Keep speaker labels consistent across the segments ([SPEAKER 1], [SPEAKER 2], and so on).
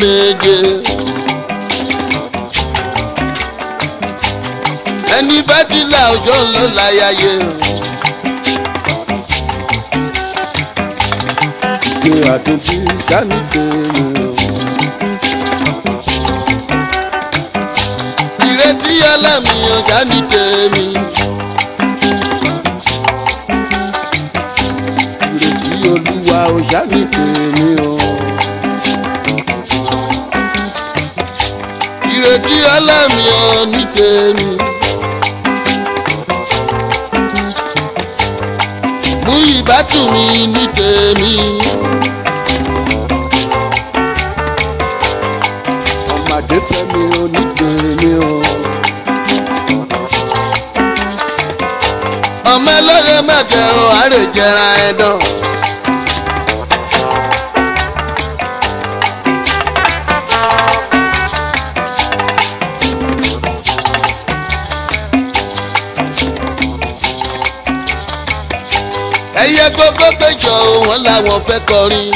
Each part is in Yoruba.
[SPEAKER 1] méje. ẹni bá ti là ọjọ́ ló láyàyè. ṣe àtúntí sani tèmi. ìrètí alámìyàn sani tèmi. ìrètí olúwa ò sani tèmi o. kí ẹlẹ́mìí ọ ní tèmi. mú ìbátú mi ní tèmi. ọmọdé fẹ́mi ọ ní tèmi o. ọmọ ẹlẹ́yẹ mẹ́jẹ ọ̀ àrèjẹra ẹ̀dán. bóyá wọ́n fẹ́ kọrin.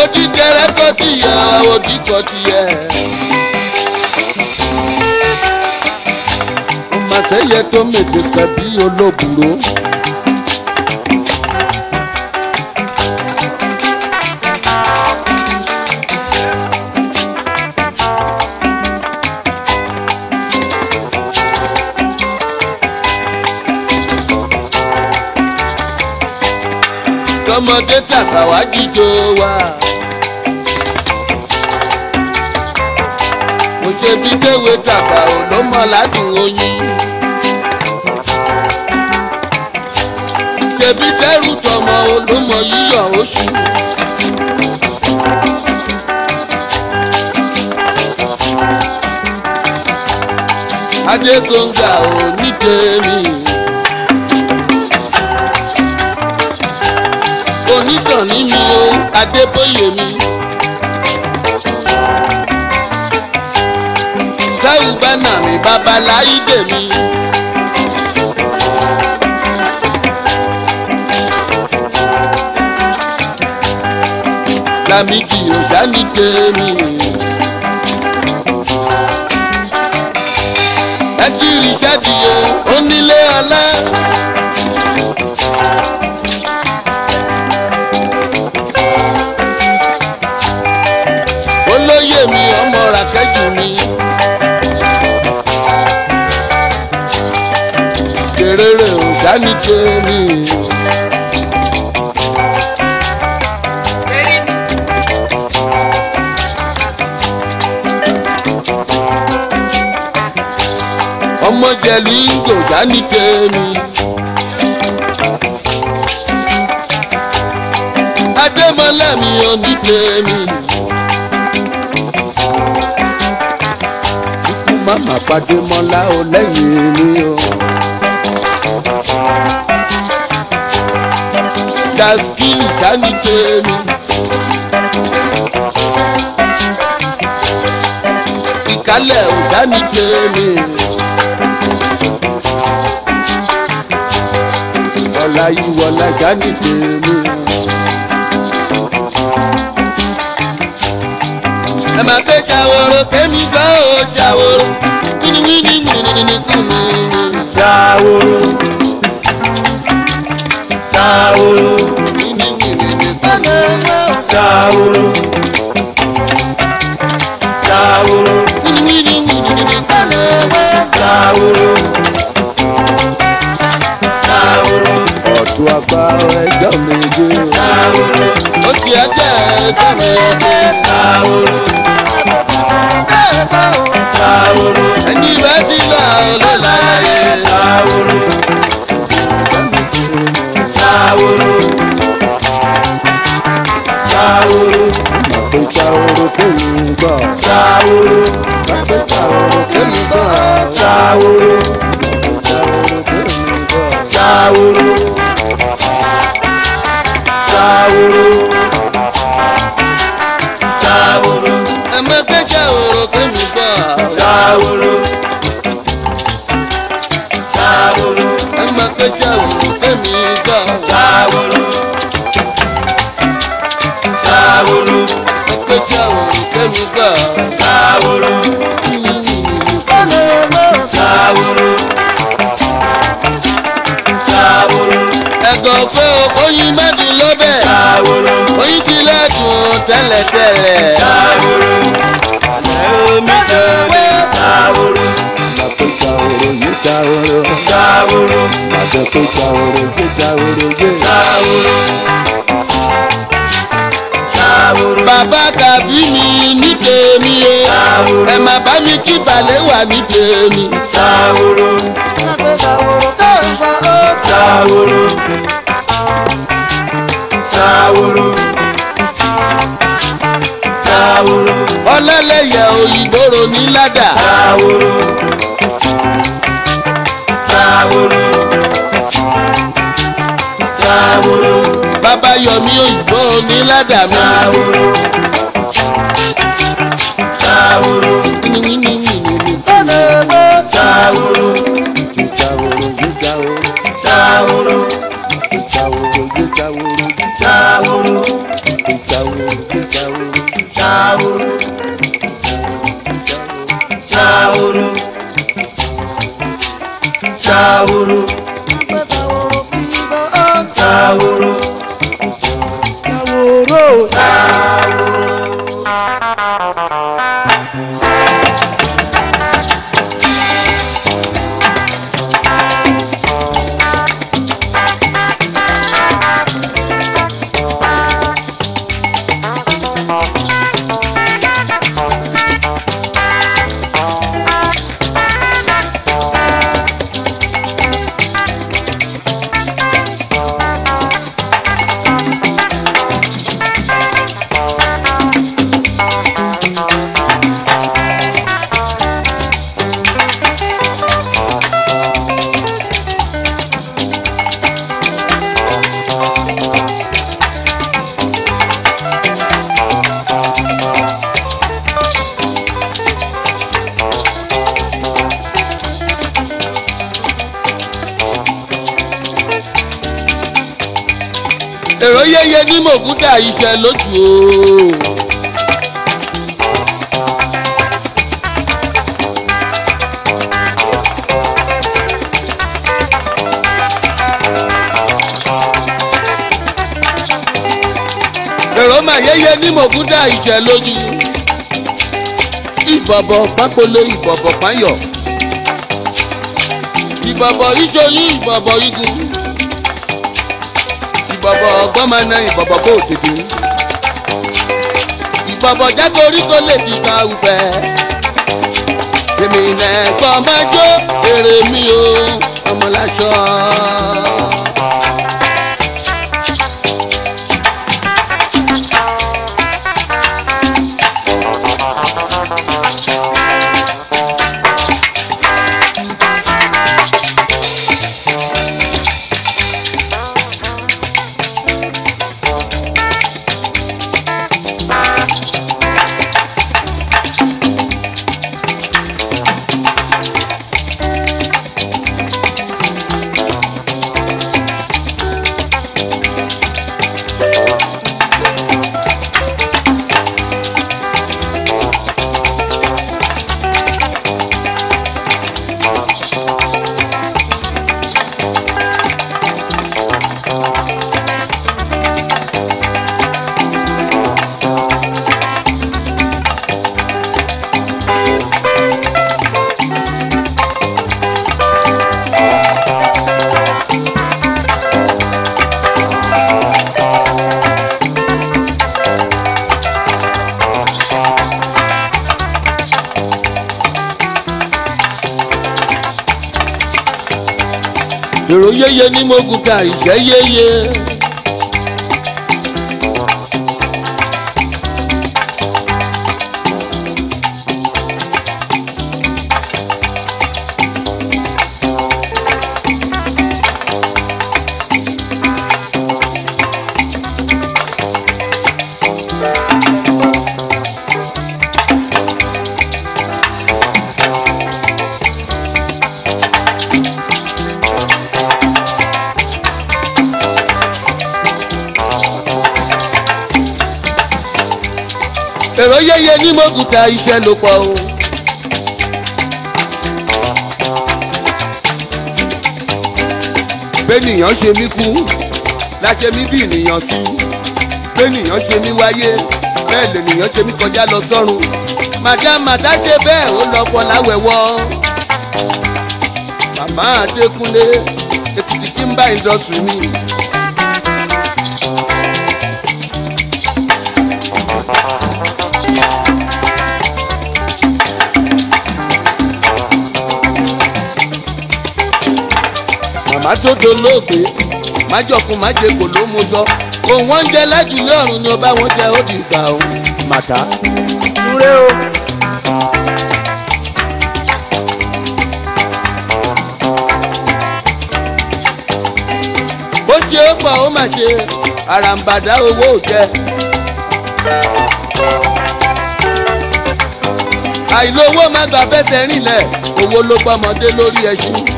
[SPEAKER 1] ojúkẹrẹ kọ́ tìyà ojúkọ tìyẹ. màṣẹ́yẹ tó mètè tàbí olóbùrò. tọmọdé tàgbà wá jíjó wa. mo ṣe bí kéwé tàgbà ò ló mọ ládùn oyin. ṣebí tẹ́rù tọmọ olómọ yíyọ oṣù. adégbòǹgà ò ní tèmi. Adébóyè mi. Sẹ́wù bánà mi babaláyídè mi. Lámìdí òsánì tèmi. Ẹ kiri sẹ́díye onílé ọlá. ṣe mí. ọmọ jẹ̀lú gòsà ní tèmi. adémọlá mi ò ní tèmi. ikú má má pàdé mọ́lá ò lẹ́yìn mi o. ní tèmi. ìkálẹ̀ ò sá ní tèmi. ọ̀la ìwọ̀ làjá ní tèmi. ẹ máa gbé jàwòrò kémi gbọ́ ò jàwòrò wíníwíní nìkùnú. jàwòrò jàwòrò. Dawuru. Dawuru. Dawuru. Dawuru. Ọ̀tún apá ẹja méje. Dawuru. Ó ti ẹjẹ́ ẹja méje. Dawuru. Dawuru. Ẹni ìfẹ́ ti là lọ́la yẹ. Dawuru. Dawuru. ṣàwòrò pẹpẹ ṣàwòrò kémi bọ̀ ṣàwòrò ṣàwòrò kémi bọ̀ tẹ́lẹ̀tẹ́lẹ̀. Jàwòrò èmi tẹ̀lé jàwòrò. Màtó jàwòrò yé jàwòrò. Jàwòrò màtó tó jàwòrò yé jàwòrò yé. Jàwòrò jàwòrò. Bàbá kàbí mi ní tèmi yé. Jàwòrò ẹ̀ máa bá mi kí balẹ̀ wà ní tèmi. Jàwòrò kàbí jàwòrò tó ń fa ó. Jàwòrò jàwòrò. Àwòrò. Ọlẹ́lẹ́yẹ òyìnbóró ní ládà. Àwòrò. Àwòrò. Àwòrò. Babayọ̀mí òyìnbó ní ládà mi. Àwòrò. Àwòrò. Olóògbé. Àwòrò. Àwòrò. Àwòrò. Àwòrò. Jahoro Jahoro Jahoro Jahoro Jahoro Jahoro. iṣẹ́ lójú o. èrò máa yẹyẹ ní mògúndà ìṣẹ́ lójú ìbọ̀bọ̀ pápolo ìbọ̀bọ̀ páyọ̀ ìbọ̀bọ̀ ìṣoyún ìbọ̀bọ̀ igun ìbọ̀bọ̀ gbọ́mọ náà ìbọ̀bọ̀ kò dìdú. ìbọ̀bọ̀ jẹ́ korí kó lè fi kan ufẹ́. èmi nẹ̀ kọ́ máa jó èrè mi o ọmọláṣọ. yéye ni mo gùn ká ìṣẹ́ yéye. kódà iṣẹ́ ló pọ̀ o. bẹ́nìyàn ṣe mí kú láṣẹ mí bí ènìyàn sí bẹ́nìyàn ṣe mí wáyé bẹ́ẹ̀ lènìyàn ṣe mí kọjá lọ sọ́run màdàmàdà ṣe bẹ́ẹ̀ ó lọ́pọ̀ láwẹ̀wọ́ màmá Adékúnlé Èkìtì tí ń bá indọ́sùn mi. má tó dolóògbé má jọkun má jẹ kò ló mú sọ òun wọn jẹ lájúlé ọ̀run ni ọba wọn jẹ ó di ìgbà o màtá. súré o. bó ṣe é pọ̀ ó mà ṣe àràǹbàdà owó jẹ àìlówó má gbà fẹsẹ̀ rìnlẹ̀ owó ló gbọ́mọdé lórí ẹṣin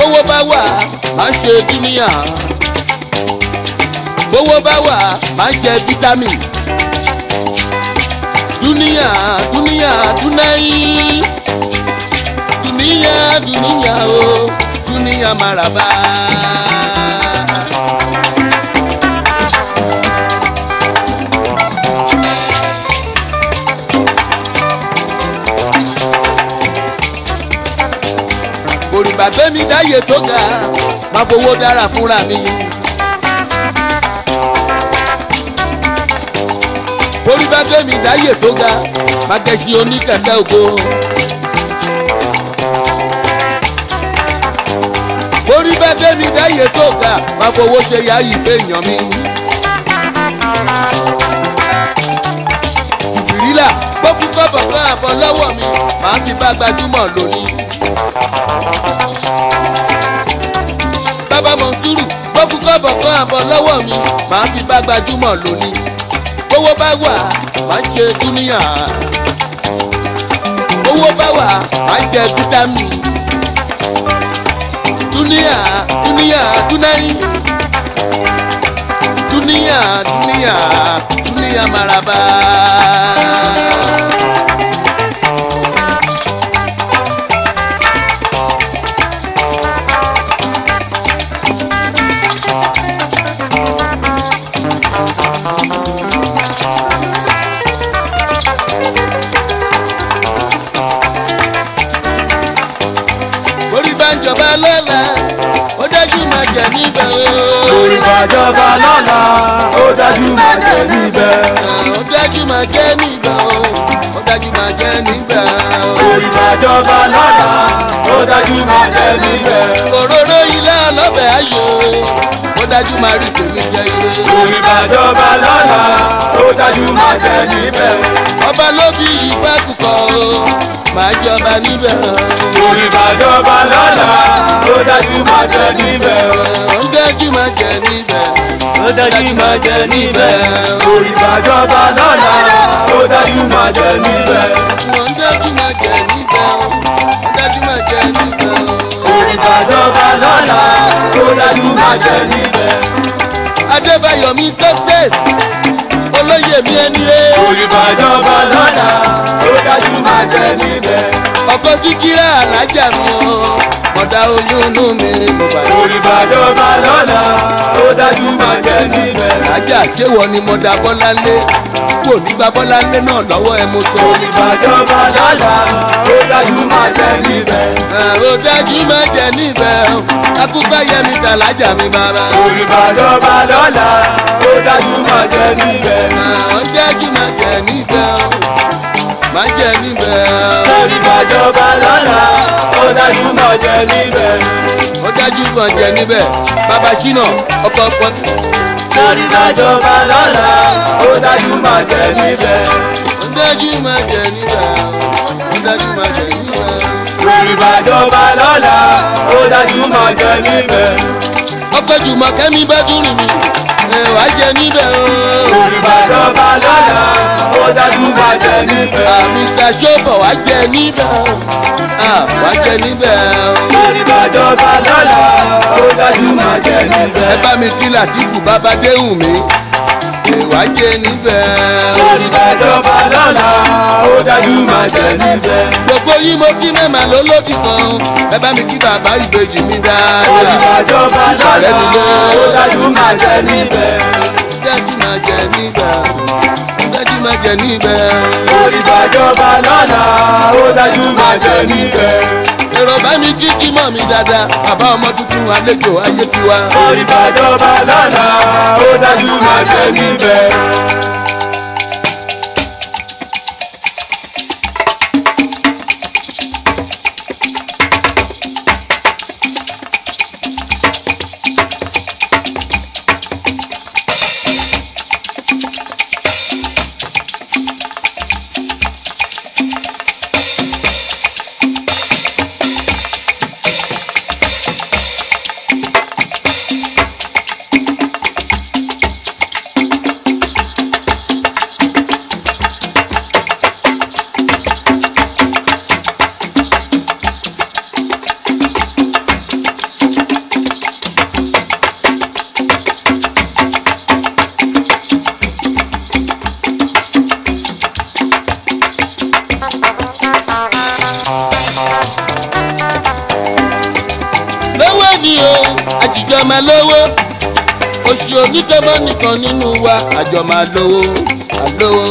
[SPEAKER 1] bówó bá wà á ṣe dúníà bówó bá wà á jẹ vitamin dúníà dúníà dúnáyí dúníà dúníà o dúníà maraba. bàbá fẹ́mi dáyé tó ga máa fowó dára fúnra mi. orí bá fẹ́mi dáyé tó ga máa kẹ́sí oníkẹ̀kẹ́ ògo. orí bá fẹ́mi dáyé tó ga máa fowó ṣe yáyí fẹ́yàn mi. ìbírílà gbókùn kọ́bọ̀ kan àbọ̀ lọ́wọ́ mi màá fi bá gbajúmọ̀ lónìí bàbá mọ̀nsúrù bó kú kọ́bọ̀ kan àbọ̀ lọ́wọ́ mi màá fi bá gbajúmọ̀ lónìí owó bá wà má ṣe dúníyà owó bá wà má jẹ fítámì dúníyà dúníyà dúnáyì dúníyà dúníyà dúníyà maraba. bàjọba lọ́la ó dájú máa jẹ níbẹ̀ o. orí bàjọba lọ́la ó dájú máa jẹ níbẹ̀. ó dájú máa jẹ níbẹ̀ o ó dájú máa jẹ níbẹ̀. orí bàjọba lọ́la ó dájú máa jẹ níbẹ̀. òróró ilé ọlọ́bẹ̀ ayò dájú máa rí tèmi jẹ ire. omi bàjọba lọ́la ó dájú máa jẹ níbẹ̀. ọba ló bí ìfẹ́ kúkọ o máa jọba níbẹ̀. omi bàjọba lọ́la ó dájú máa jẹ níbẹ̀. ó dájú máa jẹ níbẹ̀. ó dájú máa jẹ níbẹ̀. omi bàjọba lọ́la ó dájú máa jẹ níbẹ̀. ó dájú máa jẹ níbẹ̀. tó dájú bàjẹ́ níbẹ̀. Adébáyọ̀ mi success, olóyè mi ẹni rẹ̀. Òyìnbàjọba lọ́yẹ̀ ẹ̀sùn máa jẹ níbẹ̀. ọkọ síkírà alájà mọ ọ̀dà oyún inú mi mo bá yẹ. lórí ìbàdàn máa lọ́la ó dájú máa jẹ níbẹ̀. alájà ṣéwọ ni mo da bọ́lá lé kò ní gba bọ́lá lé náà lọ́wọ́ ẹ mo sọ. lórí ìbàdàn máa lọ́la ó dájú máa jẹ níbẹ̀. ó dájú máa jẹ níbẹ̀ akúbáyé mi tàlájà mi bàbá. lórí ìbàdàn máa lọ́la ó dájú máa jẹ níbẹ̀. ó dájú máa jẹ níbẹ̀ má jẹ níbẹ̀. lórí bàjọba lọ́la ó dájú mọ̀ jẹ níbẹ̀. ó dájú mọ̀ jẹ níbẹ̀ bàbá ṣínà ọkọ̀ pọ̀. lórí bàjọba lọ́la ó dájú mọ̀ jẹ níbẹ̀. ó dájú mọ̀ jẹ níbẹ̀. ó dájú mọ̀ jẹ níbẹ̀. lórí bàjọba lọ́la ó dájú mọ̀ jẹ níbẹ̀. ọkọ̀ kẹ́mi bá dùn mí ẹ̀ wá jẹ níbẹ̀ o jẹ níbẹ̀. àmì sàṣọ́bọ̀ wá jẹ níbẹ̀. wá jẹ níbẹ̀. lórí gbọ́dọ̀ bá lọ́la ó dájú máa jẹ níbẹ̀. ẹ bá mi kí Làtífù bàbá déhùn mi wá jẹ níbẹ̀. lórí gbọ́dọ̀ bá lọ́la ó dájú máa jẹ níbẹ̀. gbogbo yín mo kí mẹ́mà lólódì kan ẹ bá mi kí bàbá ìbejì mi dáadáa. lórí gbọ́dọ̀ bá lọ́la ó dájú máa jẹ níbẹ̀. dájú máa jẹ níbẹ̀ máa jẹ níbẹ̀. olùgbàjọba lọ́la ó dájú máa jẹ níbẹ̀. èrò bá mi kíkí mọ́ mi dáadáa bàbá ọmọ tuntun àlejò ayé tiwa. olùgbàjọba lọ́la ó dájú máa jẹ níbẹ̀. èyí tó bá nìkan nínú wa àjọ máa lówó àlówó.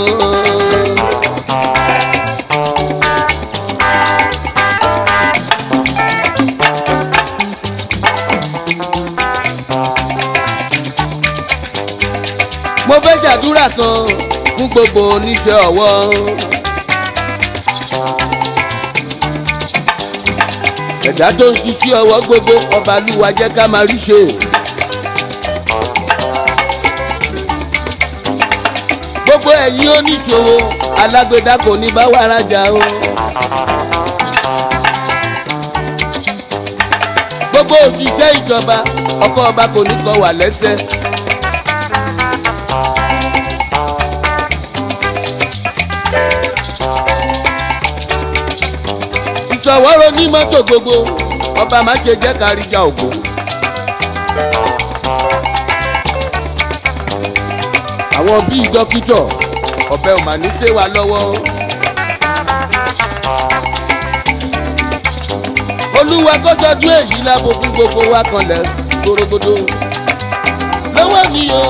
[SPEAKER 1] mo fẹ́ ṣàdúrà kan fún gbogbo oníṣẹ́ ọwọ́. ẹ̀dá tó ń ṣiṣẹ́ ọwọ́ gbogbo ọba lúwa jẹ́ ká máa rí ẹ̀yin oníṣòwò alágbèdá kò ní bá wa rajà o. gbogbo òṣìṣẹ́ ìjọba ọkọ̀ ọba kò ní kọ wà lẹ́sẹ̀. ìṣọ̀wọ́rọ̀ ní mọ́tò gbogbo ọba má ṣe jẹ́ káríjà ògbó. àwọn bíi dókítọ̀ ọ̀bẹ ò mà ní ṣe wa lọ́wọ́. olúwa kó jọjú èyí lábòkún gbogbo wa kanlẹ̀ gbòrògbòdò. lọ́wọ́ mi o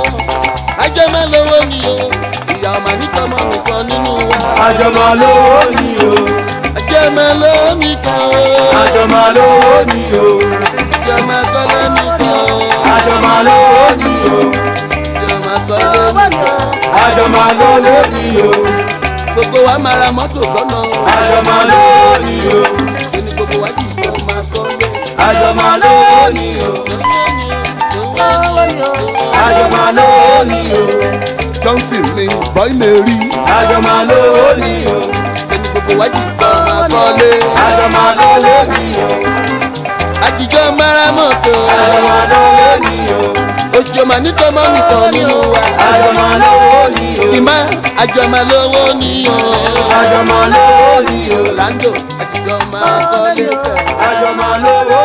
[SPEAKER 1] ajẹ́mọ́ lọ́wọ́ mi o ìyá ọmọ nítọ́mọ nìkan nínú wa. ajọmọ lọ́wọ́ mi o. ajẹmọ lọ́wọ́ mi kan o. lọ́wọ́ mi o. ajọmọ kọ́lọ́ mi kan o. lọ́wọ́ mi àjọ máa lọ lórí o. gbogbo wa máa ra mọ́tò sọ́nà. àjọ máa lọ lórí o. kí ni gbogbo wa yìí yọ máa kọ́ lé. àjọ máa lọ lórí o. àjọ máa lọ lórí o. johnson ni boy mary. àjọ máa lọ lórí o. kí ni gbogbo wa yìí yọ máa kọ́ lé. àjọ máa lọ lórí o. àtijọ́ máa ra mọ́tò. àjọ máa lọ lórí o òṣìṣẹ́ nítorí mọ́ mi tàn nínú wa. àjọmọ̀ lówó ni o. ìmọ̀ àjọmọ̀ lówó ni o. àjọmọ̀ lówó ni o. lando àtijọ́ máa kọ́ lẹ́kọ̀ọ́. àjọmọ̀ lówó